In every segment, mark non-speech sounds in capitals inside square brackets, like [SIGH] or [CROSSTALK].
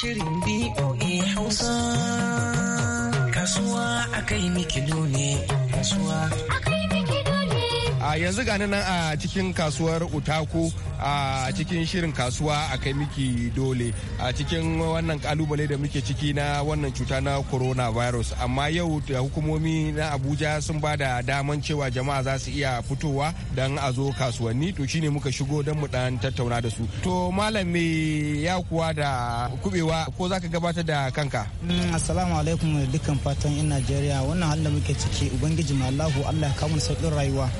Shirin BOA Hausa. Kasuwa a kai miki ne. Kasuwa a yanzu gani nan a cikin kasuwar utaku a cikin shirin kasuwa a kai miki dole a cikin wannan kalubale da muke ciki na wannan cuta na coronavirus amma yau hukumomi na abuja sun ba da daman cewa jama'a za su iya fitowa don a zo kasuwanni to shine muka shigo don mu dan tattauna da su to malam me ya kuwa da kubewa ko za ka gabatar da kanka mm, assalamu alaikum dukkan fatan yan najeriya wannan halin da muke ciki ubangiji allahu allah ya kawo sauƙin rayuwa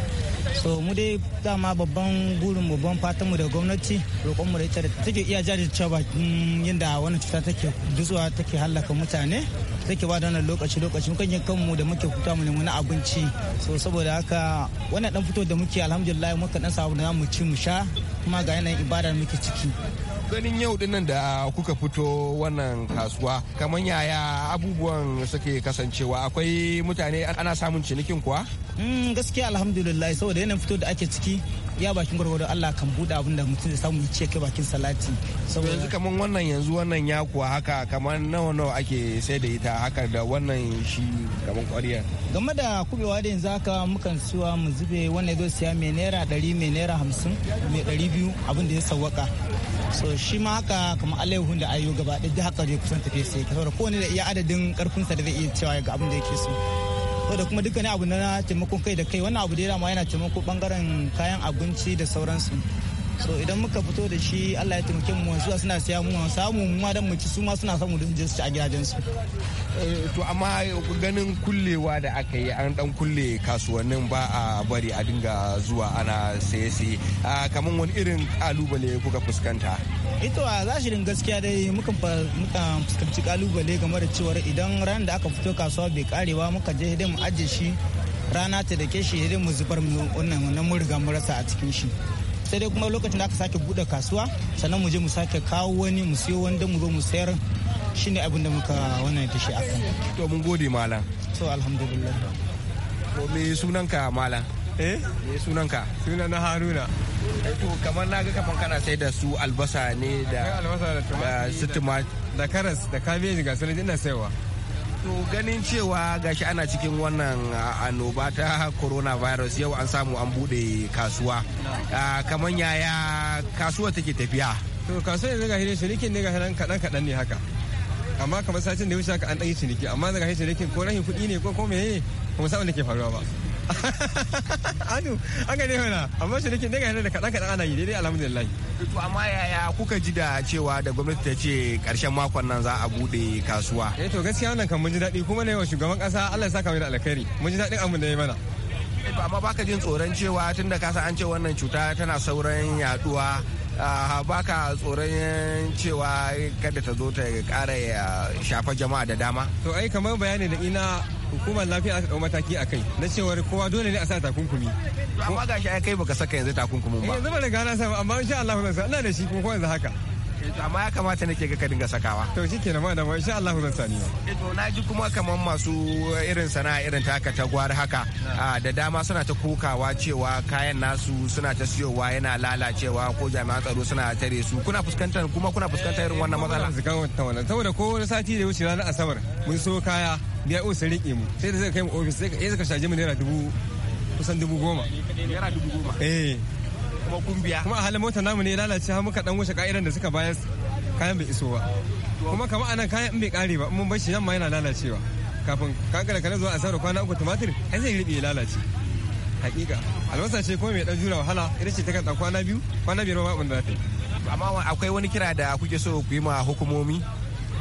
so mu dai dama babban burin babban fatan mu da gwamnati roƙon mu da ita da take iya jajircewa bakin mm, yadda wani cuta take dutsuwa take hallaka mutane take ba da wannan lokaci lokaci mukan yi kanmu da muke huta mu nemi abinci so saboda haka wannan dan fito da muke alhamdulillah muka dan samu da mu ci mu sha kuma ga yanayin ibada muke ciki ganin yau nan da kuka fito wannan kasuwa kamar yaya abubuwan suke kasancewa akwai mutane ana samun cinikin kuwa? Mm, gaskiya alhamdulillah saboda yanayin fito da ake ciki ya bakin gwargwado Allah kan buɗe abin da mutum zai samu ce kai bakin salati. yanzu kamar wannan yanzu wannan ya kuwa haka kamar nawa nawa ake sai da ita haka da wannan shi kamar kwariya Game da kubewa da yanzu haka mukan suwa mu zube wannan zai siya mai naira ɗari mai naira hamsin mai ɗari biyu abin da ya sawwaka. so shi ma haka kamar alaihun da ayo gaba ɗaya da haka zai kusan tafiya sai ka saboda kowane da iya adadin karfinsa da zai iya cewa ga abin da yake so saboda kuma dukkanin abu na taimakon kai da kai wannan abu da yana ma yana taimako bangaren kayan abinci da sauransu so idan muka fito da shi Allah ya taimake mu zuwa suna siya mu samu mu dan mu ci su ma suna samu don su a gidajen su eh, to amma ganin kullewa da aka yi an dan kulle kasuwannin ba a bari a dinga zuwa ana saye saye ah, kamar wani irin kalubale kuka fuskanta ito eh, a zashirin gaskiya dai muka fuskanci kalubale game da cewar idan ranar da aka fito kasuwa bai karewa muka je dai mu ajiye shi rana ta da ke shi mu zubar mu wannan mun riga mu a cikin shi sai dai kuma lokacin da aka sake bude kasuwa sannan mu je mu sake kawo wani mu siyo wanda mu zo mu sayar shine abin da muka wannan shi akan to mun gode malam to alhamdulillah to me sunanka malam eh me sunanka sunan haruna eh, to kamar na ga kaman kana sai da su albasa ne da eh, albasa da su da karas da kabeji ga sunan ina saiwa To ganin cewa gashi ana cikin wannan annoba ta coronavirus yau an samu an bude kasuwa. Kamar yaya kasuwa take tafiya? To kasuwa yanzu gashi ne shirikin ne gashi nan kaɗan-kaɗan ne haka. Amma kamar satin da ya wuce haka an ɗan yi ciniki amma zai shi cinikin ko rahin kuɗi ne ko ko meye kuma mu da ke faruwa ba. [LAUGHS] anu an ne mana amma shi nake daga yana da kaɗan kaɗan ana yi daidai alhamdulillah to amma yaya kuka ji da cewa da gwamnati ta ce karshen makon nan za a bude kasuwa eh to gaskiya wannan kan mun ji daɗi kuma ne wa shugaban ƙasa Allah ya saka mai da alkhairi mun ji daɗin abin da ya mana eh amma baka jin tsoron cewa tunda ka san an ce wannan cuta tana sauran yaduwa Ah, baka tsoron cewa kada ta zo ta kara shafa jama'a da dama to ai kamar bayani da ina hukumar lafiya aka ɗau mataki a kai na cewar kowa dole ne a sa takunkumi amma gashi ai kai baka saka yanzu takunkumin ba eh, yanzu ba da gana sa amma insha Allah zan ina da shi kuma yanzu haka amma ya kamata nake ga ka dinga sakawa to shike na ma da ma insha Allah mun sani eh, to na ji kuma kaman masu irin sana'a irin taka ta gwar haka ah. Ah, da dama suna ta kokawa cewa kayan nasu suna ta siyowa yana lalacewa ko jami'an tsaro suna tare su kuna fuskantar kuma kuna fuskantar irin wannan matsala saboda ko wani sati da wuce ranar asabar mun so kaya biya o sun riƙe mu sai da zai kai mu ofis sai ka shaje mu naira dubu kusan dubu goma naira dubu goma eh kuma kuma a halin motar namu ne lalace har muka dan wuce ka'idan da suka bayar kayan bai iso ba kuma kama anan kayan bai kare ba mun bar shi nan ma yana lalacewa kafin kaga da kana zuwa a asara kwana uku tumatir ai zai ribe lalace hakika albasa ce kuma mai dan jura wahala ita ce ta kan kwana biyu kwana biyar ma da ta amma akwai wani kira da kuke so ku yi ma hukumomi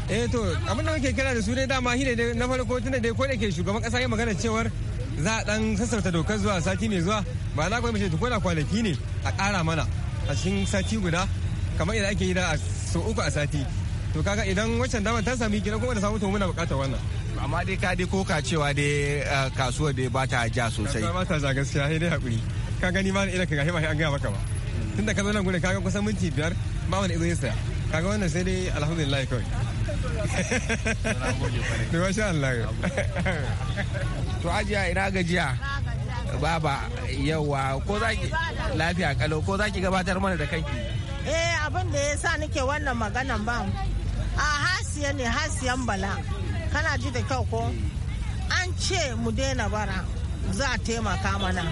eh to abin da muke kira da su dai dama hine na farko tunda dai ko da ke shugaban kasa ya magana cewar za a dan sassauta dokar zuwa sati mai zuwa ba na kwamishi ko kwana kwanaki ne a ƙara mana a cikin sati guda kamar idan ake yi da sau uku a sati to kaga idan wancan damar ta sami kira kuma da samu to muna bukatar wannan amma dai ka dai koka cewa dai eh, kasuwar dai ba ta ja sosai ba ta ja gaskiya sai dai hakuri ka gani ma idan ka gashi ba an gaya maka ba tunda ka zo nan gure kaga kusan minti biyar ba wani izo ya saya kaga wannan sai dai alhamdulillah kawai. [LAUGHS] [LAUGHS] Allah. [LAUGHS] to ajiya ina gajiya baba yawa ko za ki lafiya kalo ko za ki gabatar mana da kanki eh abin da ya sa nake wannan maganan ba a hasiya ne hasiyan bala kana ji da kyau ko an ce mu daina bara za a taimaka mana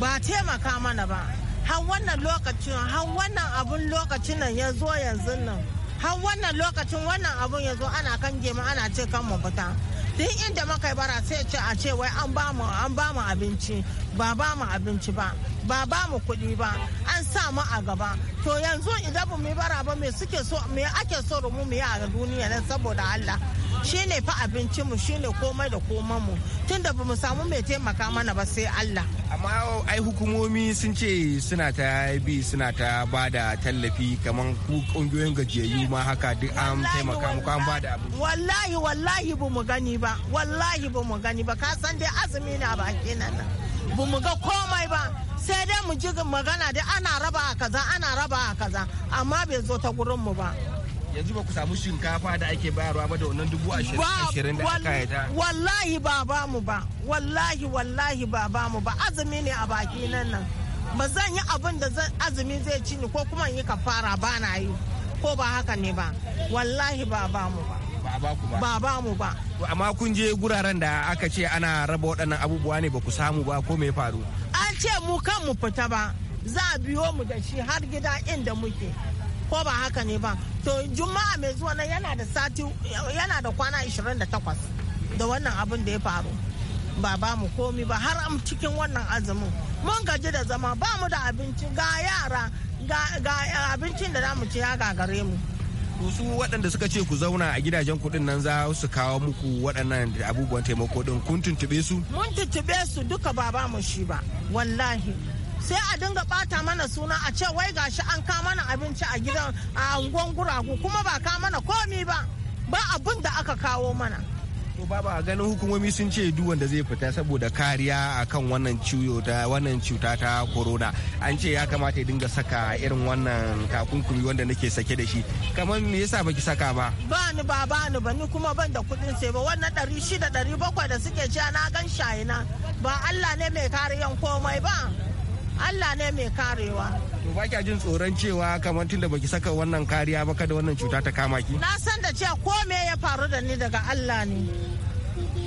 ba taimaka mana ba har wannan lokacin har wannan abun lokacin nan ya zo yanzu nan har wannan lokacin wannan abun ya zo ana kan gemu ana ce kan mu fita duk inda muka yi bara sai ce a ce wai an ba mu an ba mu abinci ba ba mu abinci ba ba ba mu kuɗi ba an sa mu a gaba to yanzu idan mu yi bara ba me suke so me ake so da mu yi a duniya nan saboda Allah shine fa abincin mu shine komai da komai mu tunda ba mu samu mai taimaka mana ba sai Allah amma ai hukumomi sun ce suna ta bi suna ta ba da tallafi kamar ku kungiyoyin gajiyayyu ma haka duk an taimaka muku an ba da abinci wallahi wallahi ba mu gani ba wallahi ba mu gani ba ka san dai azumi na ba kenan nan ba mu ga komai ba sai dai mu ji magana da ana raba a kaza ana raba a kaza amma bai zo ta gurin mu ba yanzu ba ku samu shinkafa da ake bayarwa ba da wannan dubu ashirin da aka yi wallahi ba ba mu ba wallahi wallahi ba ba mu ba azumi ne a baki nan nan ba zan yi abin da azumi zai ci ni ko kuma yi kafara ba na yi ko ba haka ne ba wallahi ba ba mu ba ba ku ba ba ba mu ba amma kun je guraren da aka ce ana raba waɗannan abubuwa ne ba ku samu ba ko me faru an ce mu kan mu fita ba za a biyo mu da shi har gida inda muke ko ba haka ne ba to juma'a mai zuwa nan yana da sati yana da kwana 28 da wannan abin da ya faru ba ba mu komi ba har am cikin wannan azumin mun gaji da zama ba mu da abinci ga yara ga abincin da za mu ci ya gagare mu ku su waɗanda suka ce ku zauna a gidajen kuɗin nan za su kawo muku waɗannan abubuwan taimako ɗin kun tuntube su mun tuntube su duka ba ba mu shi ba wallahi sai a dinga ɓata mana suna a ce wai gashi an ka mana abinci a gidan a unguwan guragu kuma ba ka mana komi ba ba abin da aka kawo mana baba ganin hukumomi sun ce duk wanda zai fita saboda kariya akan wannan ciwo wannan cuta ta corona an ce ya kamata ya dinga saka irin wannan takunkumi wanda nake sake da shi kamar me yasa baki saka ba ba ni ba ba ni ba ni kuma ban da kuɗin sai ba wannan ɗari da ɗari da suke cewa na gan shayina ba Allah ne mai kariyan komai ba Allah ne mai karewa to ba kya jin tsoron cewa kamar tunda baki saka wannan kariya ba kada wannan cuta ta kama ki na san da cewa ko me ya faru da ni daga Allah ne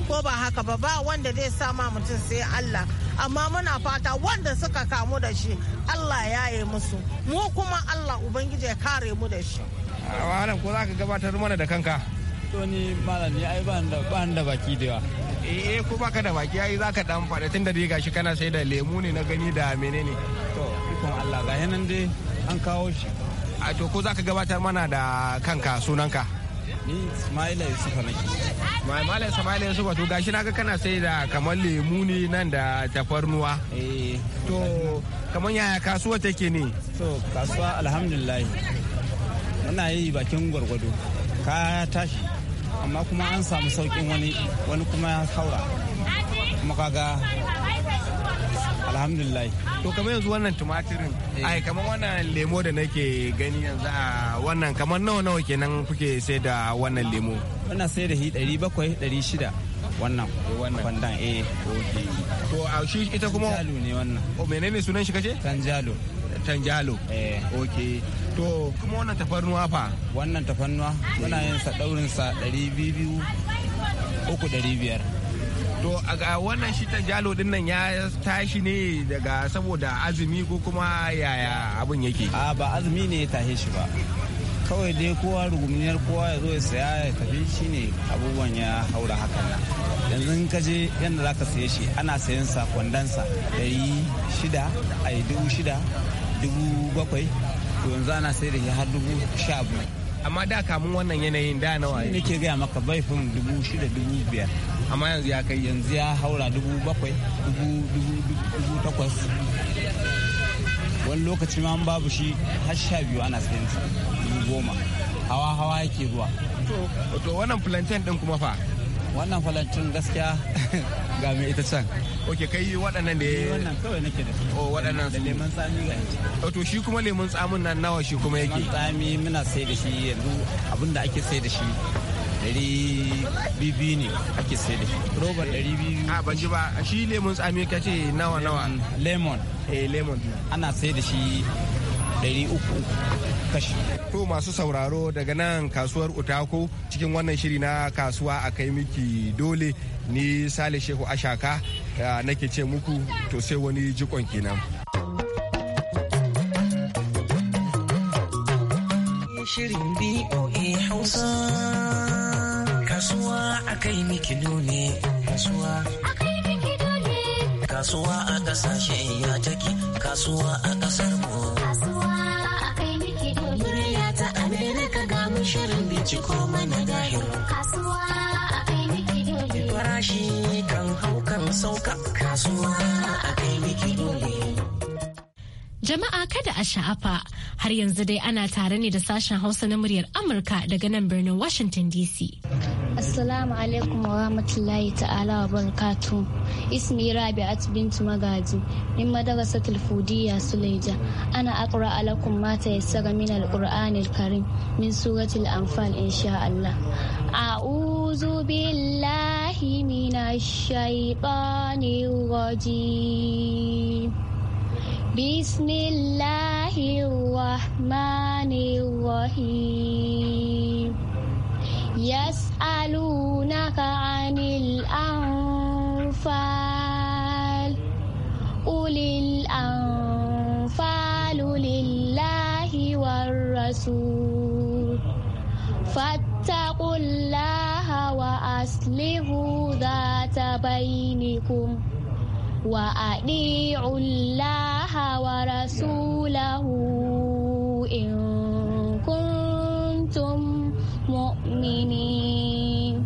ko ba haka ba ba wanda zai ma mutum sai Allah amma muna fata wanda suka kamu da shi Allah ya yi musu mu kuma Allah ubangiji ya kare mu da shi wannan ko za ka gabatar mana da kanka to ni malam ni ai ban da ban da baki da yawa eh, eh ko baka da baki ai zaka dan faɗa tunda dai gashi kana sai da lemu ne na gani da menene to ikon Allah ga yanan dai an kawo shi. A to ko za ka gabatar mana da kanka sunanka? Ni Ismaila Yusufa nake. Maimala Ismaila Yusufa to gashi ga kana sai da kamar lemu ne nan da tafarnuwa. Eh. To kamar yaya kasuwa take ne? To kasuwa alhamdulillah. Muna yi bakin gwargwado. Ka tashi amma kuma an samu saukin wani wani kuma ya haura. Kuma kaga alhamdulillah to kamar yanzu wannan tumatirin eh. ai kamar wannan lemo da nake gani yanzu a wannan kamar nawa nawa kenan kuke sai da wannan lemo wannan sai da shi 700 600 wannan kwandan eh to a shi ita kuma tanjalo ne wannan o menene sunan shi kace tanjalo tanjalo eh okay to kuma wannan tafarnuwa fa wannan tafarnuwa muna yin sa daurin sa 200 uku to a wannan shi ta jalo din nan ya tashi ne daga saboda azumi ko kuma yaya abin yake a ba azumi ne ya tahe shi ba kawai dai kowa rugumiyar kowa ya zo ya saya ya tafi ne abubuwan ya haura hakan nan yanzu in ka je yadda za ka saye shi ana sayan sa kwandansa ɗari shida a dubu shida dubu bakwai to yanzu ana sai da shi har dubu sha biyu amma da kamun wannan yanayin da nawa ne ke gaya maka baifin dubu shida dubu biyar amma yanzu ya kai yanzu ya haura dubu bakwai dubu takwas wani lokaci ma babu shi har sha biyu ana sayan dubu goma hawa hawa yake zuwa to wannan plantain din kuma fa wannan plantain gaskiya [LAUGHS] ga mai ita can ok kai waɗannan da ya wannan kawai nake da su oh waɗannan da lemon tsami ga yanzu oh, to shi kuma lemon tsamin nan nawa shi kuma yake lemon tsami muna sai da shi yanzu abinda ake sai da shi 200 ne ake sai da roba 200 a banji ba ba shi lemon tsami ka ce nawa nawa lemon eh lemon ana sai da shi 300 uku kashi to masu sauraro daga nan kasuwar utako cikin wannan shiri na kasuwa a kai miki dole ni sale shehu ashaka eh, nake ce muku to sai wani jikon kenan shirin BOA Hausa. Kasuwa a kai mikido ne, kasuwa a kai mikido ne. Kasuwa a kasashen ya take, kasuwa a kasar mu. Kasuwa a kai mikido ne. Murya ta america ga mu shirin binciko mana gahiro. Kasuwa a kai mikido ne. Farashi kan hau kan sauka, kasuwa a kai mikido ne. Jama'a kada a sha'afa har yanzu dai ana tare ne da sashen Hausa na muryar Amurka daga nan birnin Washington DC. Assalamu alaikum wa rahmatullahi ta'ala wa barakatu. Ismi Rabi'at bint Magaji min madrasatul Fudiyya Suleja. Ana aqra alakum ma tayassara min al-Qur'anil Karim min suratul Anfal insha Allah. A'udhu billahi minash shaitanir rajim. Bismillahir rahmanir rahim. يسألونك عن الأنفال قل الأنفال لله والرسول فاتقوا الله وأصلحوا ذات بينكم وأطيعوا الله ورسوله إن المؤمنين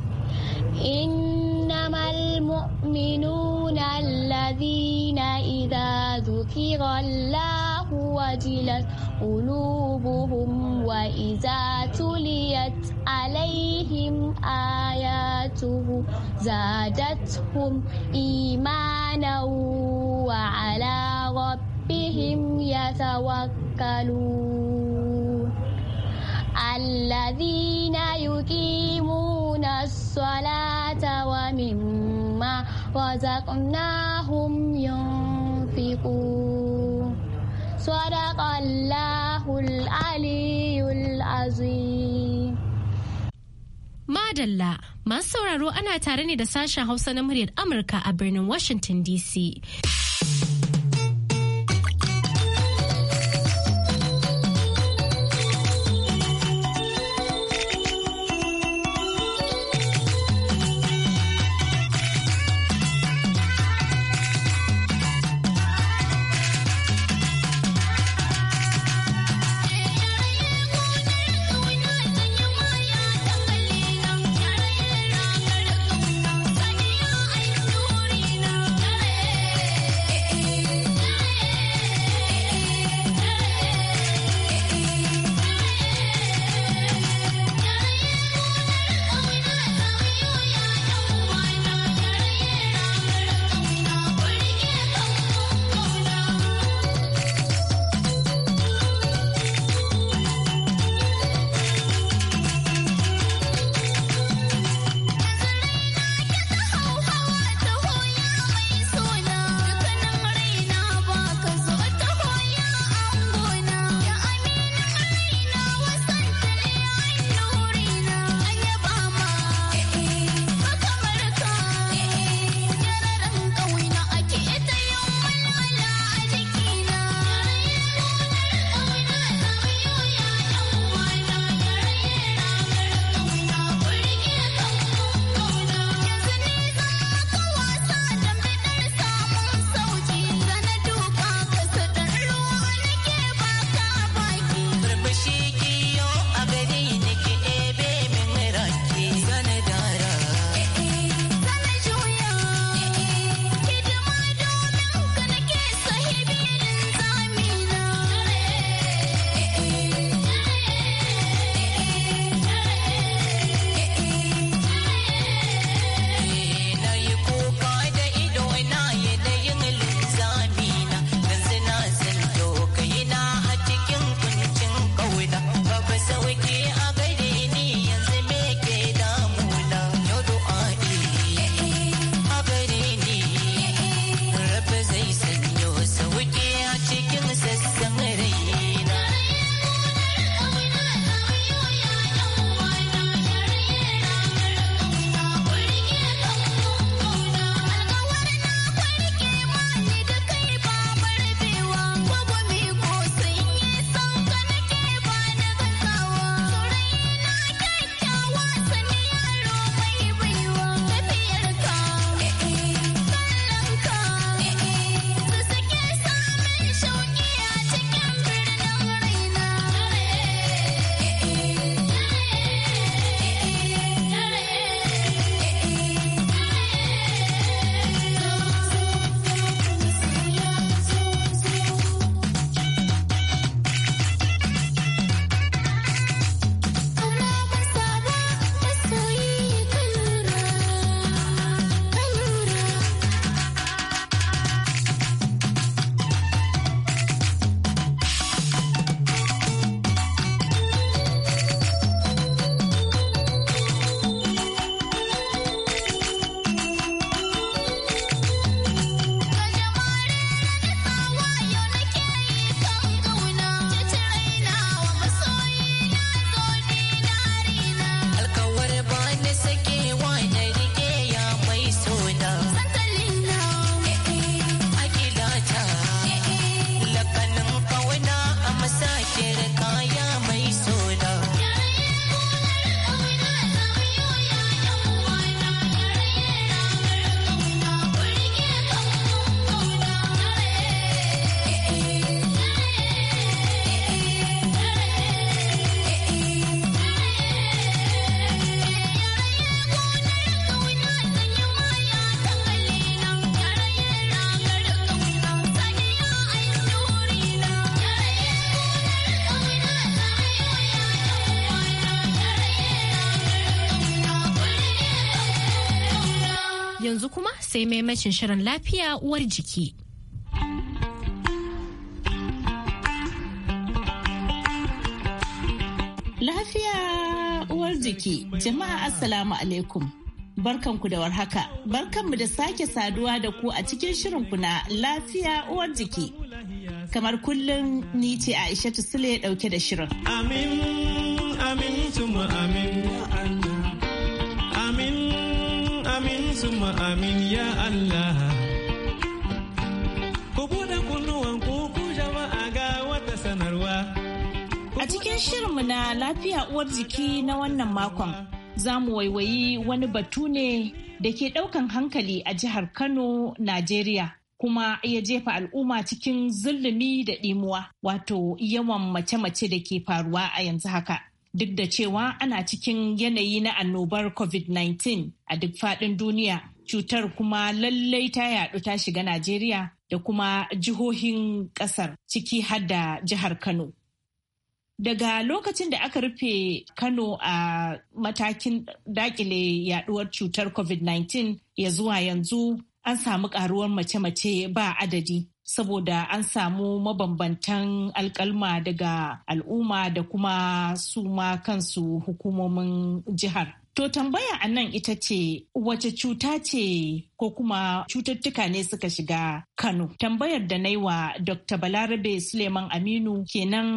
إنما المؤمنون الذين إذا ذكر الله وجلت قلوبهم وإذا تليت عليهم آياته زادتهم إيمانا وعلى ربهم يتوكلون الذين يقيمون الصلاة ومما رزقناهم ينفقون صدق الله العلي العظيم Madalla masu sauraro ana tare ne da sashen Hausa na muryar Amurka a birnin Washington DC. sai maimacin shirin lafiya uwar jiki. Lafiya uwar jiki, jama'a Assalamu alaikum. Barkanku da warhaka, barkanmu da sake saduwa da ku a cikin shirin na lafiya uwar jiki. Kamar kullum ni ce Aisha Sule dauke da shirin. Amin, amin, amin, amin. amin suma amin ya Allah. Ku buɗe kunnuwan ku jama'a ga wata sanarwa. A cikin shirin mu na lafiya uwar jiki na wannan makon, za mu waiwayi wani batu ne da ke ɗaukan hankali a jihar Kano, Najeriya. kuma ya jefa al'umma cikin zulumi da ɗimuwa wato yawan mace-mace da ke faruwa a yanzu haka. duk da cewa ana cikin yanayi na annobar covid-19 a duk faɗin duniya cutar kuma lallai ta yaɗu ta shiga najeriya da kuma jihohin ƙasar ciki har da jihar kano daga lokacin da aka rufe kano a matakin dakile yaduwar cutar covid-19 ya zuwa yanzu an samu karuwar mace-mace ba adadi saboda an samu mabambantan alkalma daga al'umma da kuma su ma kansu hukumomin jihar. To tambaya a nan ita ce wace cuta ce ko kuma cututtuka ne suka shiga Kano. Tambayar da na wa Dr. Balarabe Suleiman Aminu kenan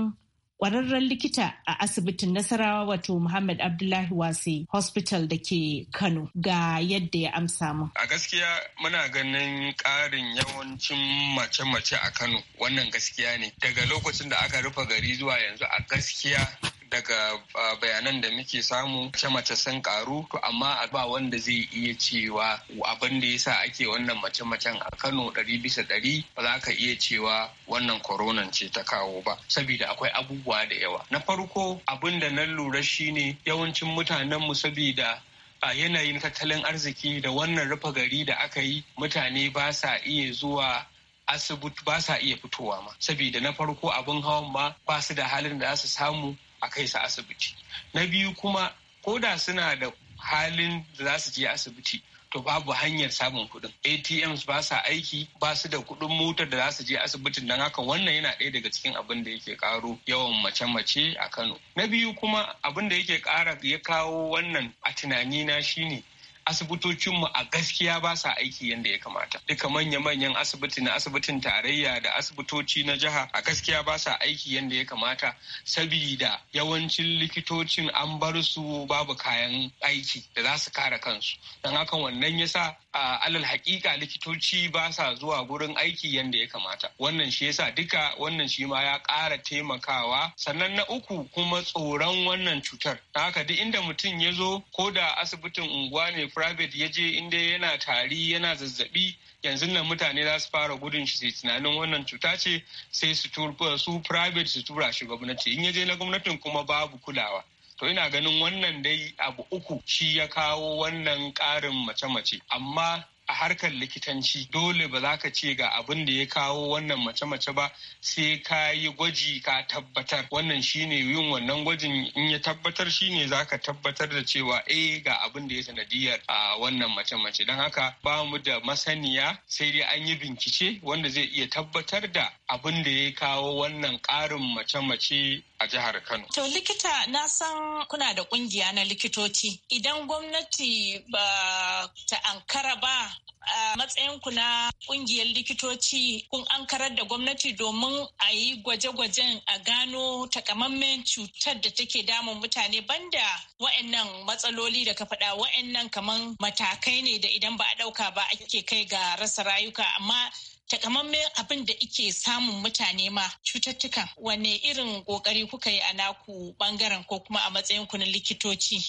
kwararren likita a asibitin Nasarawa wato Muhammad Abdullahi Wasi Hospital da ke Kano ga yadda ya amsa mu. A gaskiya muna ganin ƙarin yawancin mace-mace a Kano wannan gaskiya ne. Daga lokacin da aka rufe gari zuwa yanzu a gaskiya daga ah, bayanan da muke samu mace-mace sun karu to amma ba wanda zai iya cewa abin da yasa ake wannan mace-macen a Kano ɗari bisa ɗari ba za ka iya cewa wannan koronan ce ta kawo ba saboda akwai abubuwa da yawa na farko abin da na lura shine yawancin mutanen mu saboda a yanayin tattalin arziki da wannan rufe gari da aka yi mutane ba sa iya zuwa asibiti ba sa iya fitowa ma saboda na farko abin hawan ma ba su da halin da za su samu a kai su asibiti na biyu kuma ko da suna da halin da za su je asibiti to babu hanyar samun kuɗin atms ba sa aiki ba su da kuɗin motar da za su je asibitin don haka wannan yana ɗaya daga cikin abin da yake ƙaro yawan mace-mace a kano na biyu kuma abin da yake ƙara ya kawo wannan a tunani na shine asibitocinmu a gaskiya ba sa aiki yadda ya kamata duka manya-manyan asibiti na asibitin tarayya da asibitoci na jiha a gaskiya ba sa aiki yadda ya kamata sabida yawancin likitocin an bar su babu kayan aiki da za su kare kansu don haka wannan ya sa alal hakika likitoci ba sa zuwa gurin aiki yadda ya kamata wannan shi yasa duka wannan shi ma ya ƙara taimakawa sannan na uku kuma tsoron wannan cutar haka duk inda mutum ya zo ko da asibitin unguwa ne private ya je inda yana tari yana zazzabi yanzu nan mutane za su fara gudun shi sai tunanin wannan cuta ce sai su uh, su private su tura shi gwamnati in ya je na gwamnatin kuma babu kulawa to ina ganin wannan dai abu uku shi ya kawo wannan ƙarin mace-mace amma a harkar likitanci dole ba za ka ce ga abin da ya kawo wannan mace-mace ba sai ka yi gwaji ka tabbatar wannan shine yin wannan gwajin in ya tabbatar shine za ka tabbatar da cewa eh ga abin da ya sanadiyar a wannan mace-mace don haka ba mu da masaniya sai dai an yi bincike wanda zai iya tabbatar da abin da ya kawo wannan karin mace-mace a jihar Kano. To likita na san kuna da kungiya na likitoci. Idan gwamnati ba ta ankara ba a matsayinku na kungiyar likitoci kun ankarar da gwamnati domin a yi gwaje-gwajen a gano takamammen cutar da take damun mutane banda wa'annan matsaloli da ka faɗa wa'annan kaman matakai ne da idan ba a ɗauka ba ake kai ga rasa rayuka amma takamamme abin da ike samun mutane ma cututtukan wane irin kokari kuka yi a naku bangaren ko kuma a matsayin ku na likitoci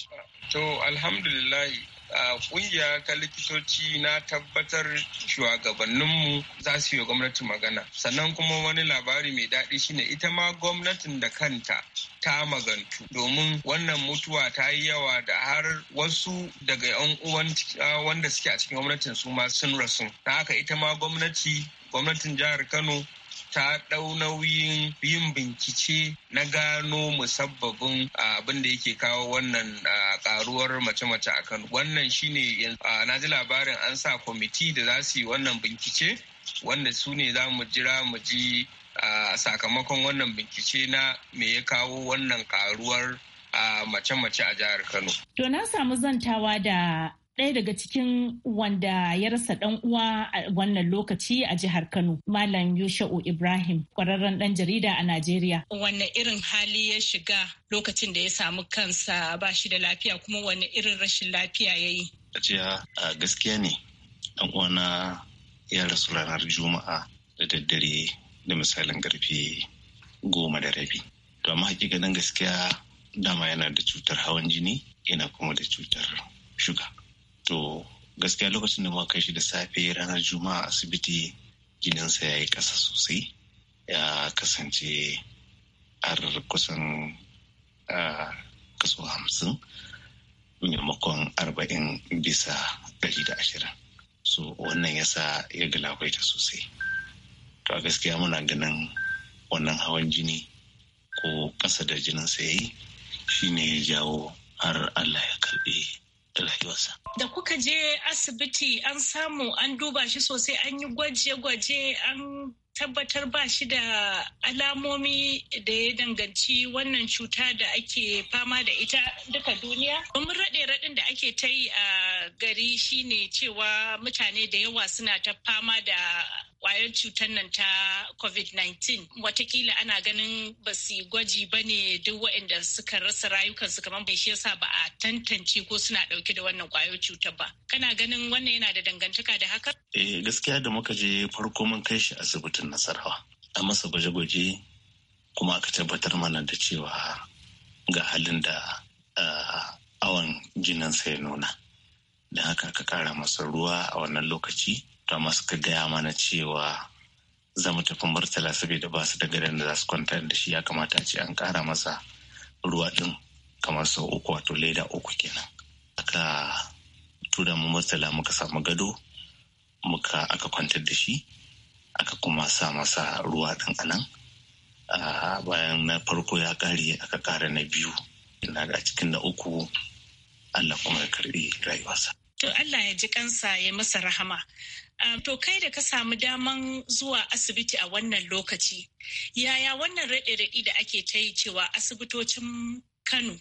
to alhamdulillahi kungiya ta likitoci na tabbatar shugabanninmu za su yi gwamnati magana sannan kuma wani labari mai daɗi shine ita ma gwamnatin da kanta ta magantu domin wannan mutuwa ta yi yawa da har wasu daga 'yan uwan wanda suke a cikin gwamnatin su ma sun rasu ta haka ita ma gwamnati gwamnatin jihar kano ta ɗau nauyin yin bincike na gano musabbabin ah, abin da yake kawo wannan karuwar ah, mace-mace a Kano. Wannan shine ah, na ji labarin an sa kwamiti da za su yi wannan bincike wanda su ne za mu jira mu ji sakamakon wannan bincike na me ya kawo wannan karuwar a mace-mace a jihar Kano. To na samu zantawa da ɗaya daga cikin wanda ya rasa ɗan uwa a wannan lokaci a jihar Kano, Malam Yusha'u Ibrahim, ƙwararren ɗan jarida a Najeriya. Wanne irin hali ya shiga lokacin da ya samu kansa ba shi da lafiya kuma wanne irin rashin lafiya ya yi? Jiya gaskiya ne, ɗan uwana ya rasu ranar Juma'a da daddare da misalin karfe goma da rabi. To amma hakikanin gaskiya dama yana da cutar hawan jini yana kuma da cutar shuga. to gaskiya lokacin da muka kai shi da safe ranar juma'a asibiti jininsa ya yi ƙasa sosai ya kasance har kusan kaso hamsin maimakon arba'in bisa ɗari da ashirin so wannan ya sa ya galabaita sosai to a gaskiya muna ganin wannan hawan jini ko ƙasa da jininsa ya yi shine ya jawo har allah ya karɓi rayuwarsa. Da kuka je asibiti an samu an duba shi sosai an yi gwaje-gwaje an tabbatar ba shi da alamomi da ya danganci wannan cuta da ake fama da ita duka duniya. Domin raɗe-raɗin da ake ta yi a gari shine cewa mutane da yawa suna ta fama da kwayar cutar nan ta covid-19 watakila ana ganin ba su gwaji ba ne duk waɗanda suka rasa rayukansu kamar bai shi yasa ba a tantance ko suna ɗauke da wannan kwayar cutar ba kana ganin wannan yana da dangantaka da haka eh gaskiya da muka je farko mun kai shi asibiti gwamnatin nasarawa a masa gwaje-gwaje kuma aka tabbatar mana da cewa ga halin da awon jininsa ya nuna Da haka aka kara masa ruwa a wannan lokaci to masu ka gaya mana cewa za tafi murtala saboda ba su da gadon da za su kwanta da shi ya kamata a ce an kara masa ruwa din kamar sau uku wato leda uku kenan aka tura mu murtala muka samu gado muka aka kwantar da shi aka kuma sa masa ruwa ɗin anan bayan na farko ya ƙare aka ƙara na biyu ina da cikin na uku Allah kuma ya karɓi rayuwarsa. To Allah ya ji kansa ya masa rahama. to kai da ka samu daman zuwa asibiti a wannan lokaci, yaya wannan raɗe-raɗi da ake ta yi cewa asibitocin Kano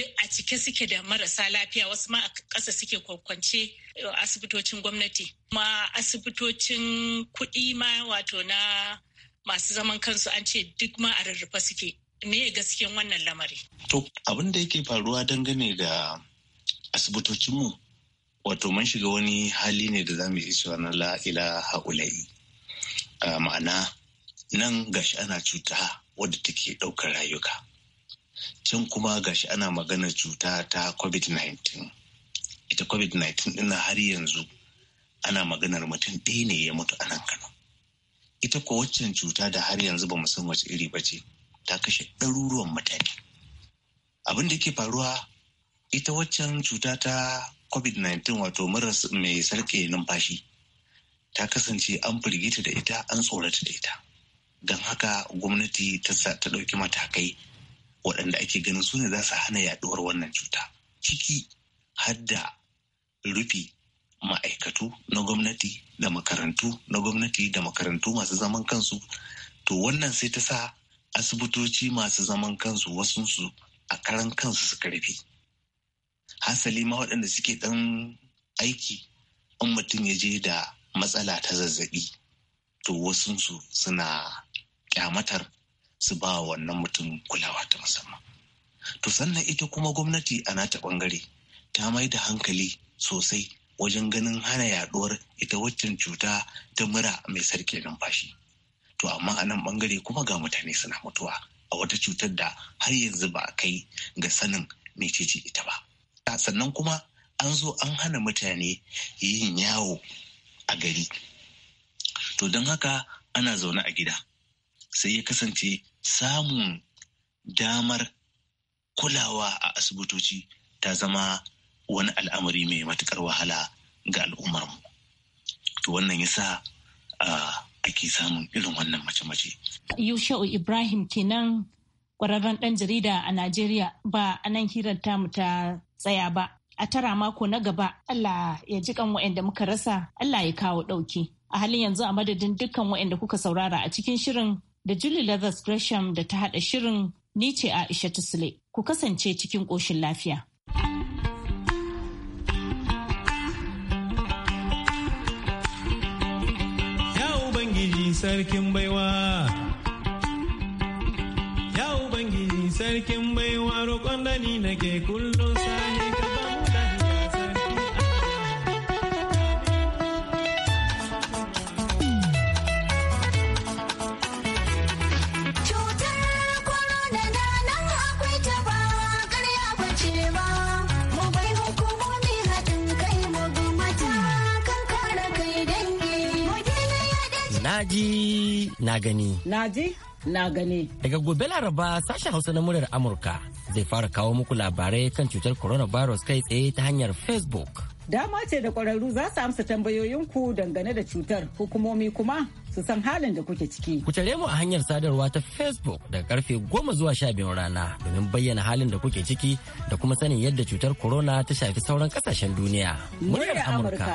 duk a cike suke da marasa lafiya wasu ma a ƙasa suke kwakwance eh, asibitocin gwamnati ma asibitocin kuɗi ma wato na masu zaman kansu an ce duk ma a rarrafa suke ne gaskiyan wannan lamari to abin da yake faruwa dangane da asibitocinmu wato man shiga wani hali ne da zamu yi cewa na la'ila haulai ah, ma'ana nan gashi ana cuta wadda take ɗaukar rayuka can kuma gashi ana magana cuta ta covid-19 ita covid-19 ɗin har yanzu ana maganar mutum ɗaya ne ya mutu a nan kano ita ko waccan cuta da har yanzu ba san wace iri ba ce ta kashe ɗaruruwan mutane abin da ke faruwa ita waccan cuta ta covid-19 wato mara mai sarke numfashi ta kasance an firgita da ita an tsorata da ita don haka gwamnati ta ɗauki matakai waɗanda ake ganin su ne za su hana yaɗuwar wannan cuta ciki har da rufe ma'aikatu na gwamnati da makarantu na gwamnati da makarantu masu zaman kansu to wannan sai ta sa asibitoci masu zaman kansu wasunsu a karan kansu suka rufe hasali ma waɗanda suke ɗan aiki in mutum ya je da matsala ta zazzabi to wasunsu suna kyamatar su ba wannan mutum kulawa ta musamman to sannan ita kuma gwamnati a nata bangare ta mai da hankali sosai wajen ganin hana yaduwar ita waccan cuta ta mura mai sarki numfashi to amma a nan bangare kuma ga mutane suna mutuwa a wata cutar da har yanzu ba a kai ga sanin mecece ita ba sannan kuma an zo an hana mutane yin yawo a gari to don haka ana zaune a gida sai ya kasance samun damar kulawa a asibitoci ta zama wani al'amari mai matukar wahala ga al'ummarmu to wannan ya sa ake samun irin wannan mace-mace. Yusha'u Ibrahim kenan kwararren ɗan jarida a Najeriya ba a nan hirar mu ta tsaya ba. A tara mako na gaba Allah ya ji kan muka rasa Allah ya kawo ɗauki. A halin yanzu a madadin dukkan wa'inda kuka saurara a cikin shirin da Julie Leathers Gresham da ta haɗa shirin ni ce Aisha Tusle. Ku kasance cikin ƙoshin lafiya. Ya Ubangiji sarkin baiwa. Ya Ubangiji sarkin baiwa roƙon da ni nake kullum. Naji na gani. Naji na gani. Daga gobe Laraba sashen Hausa na muryar Amurka zai fara kawo muku labarai kan cutar coronavirus kai tsaye ta hanyar Facebook. Dama ce da kwararru za su amsa tambayoyinku dangane da cutar hukumomi kuma su san halin da kuke ciki. Ku tare mu a hanyar sadarwa ta Facebook daga karfe goma zuwa sha biyun rana domin bayyana halin da kuke ciki da kuma sanin yadda cutar corona ta shafi sauran kasashen duniya. Muryar Amurka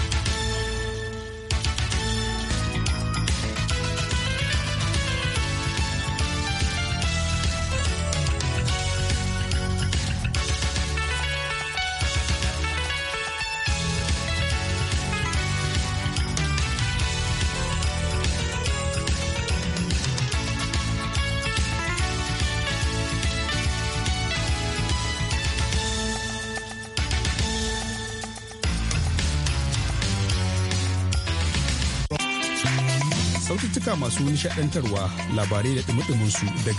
masu nishadantarwa labarai da dumi su daga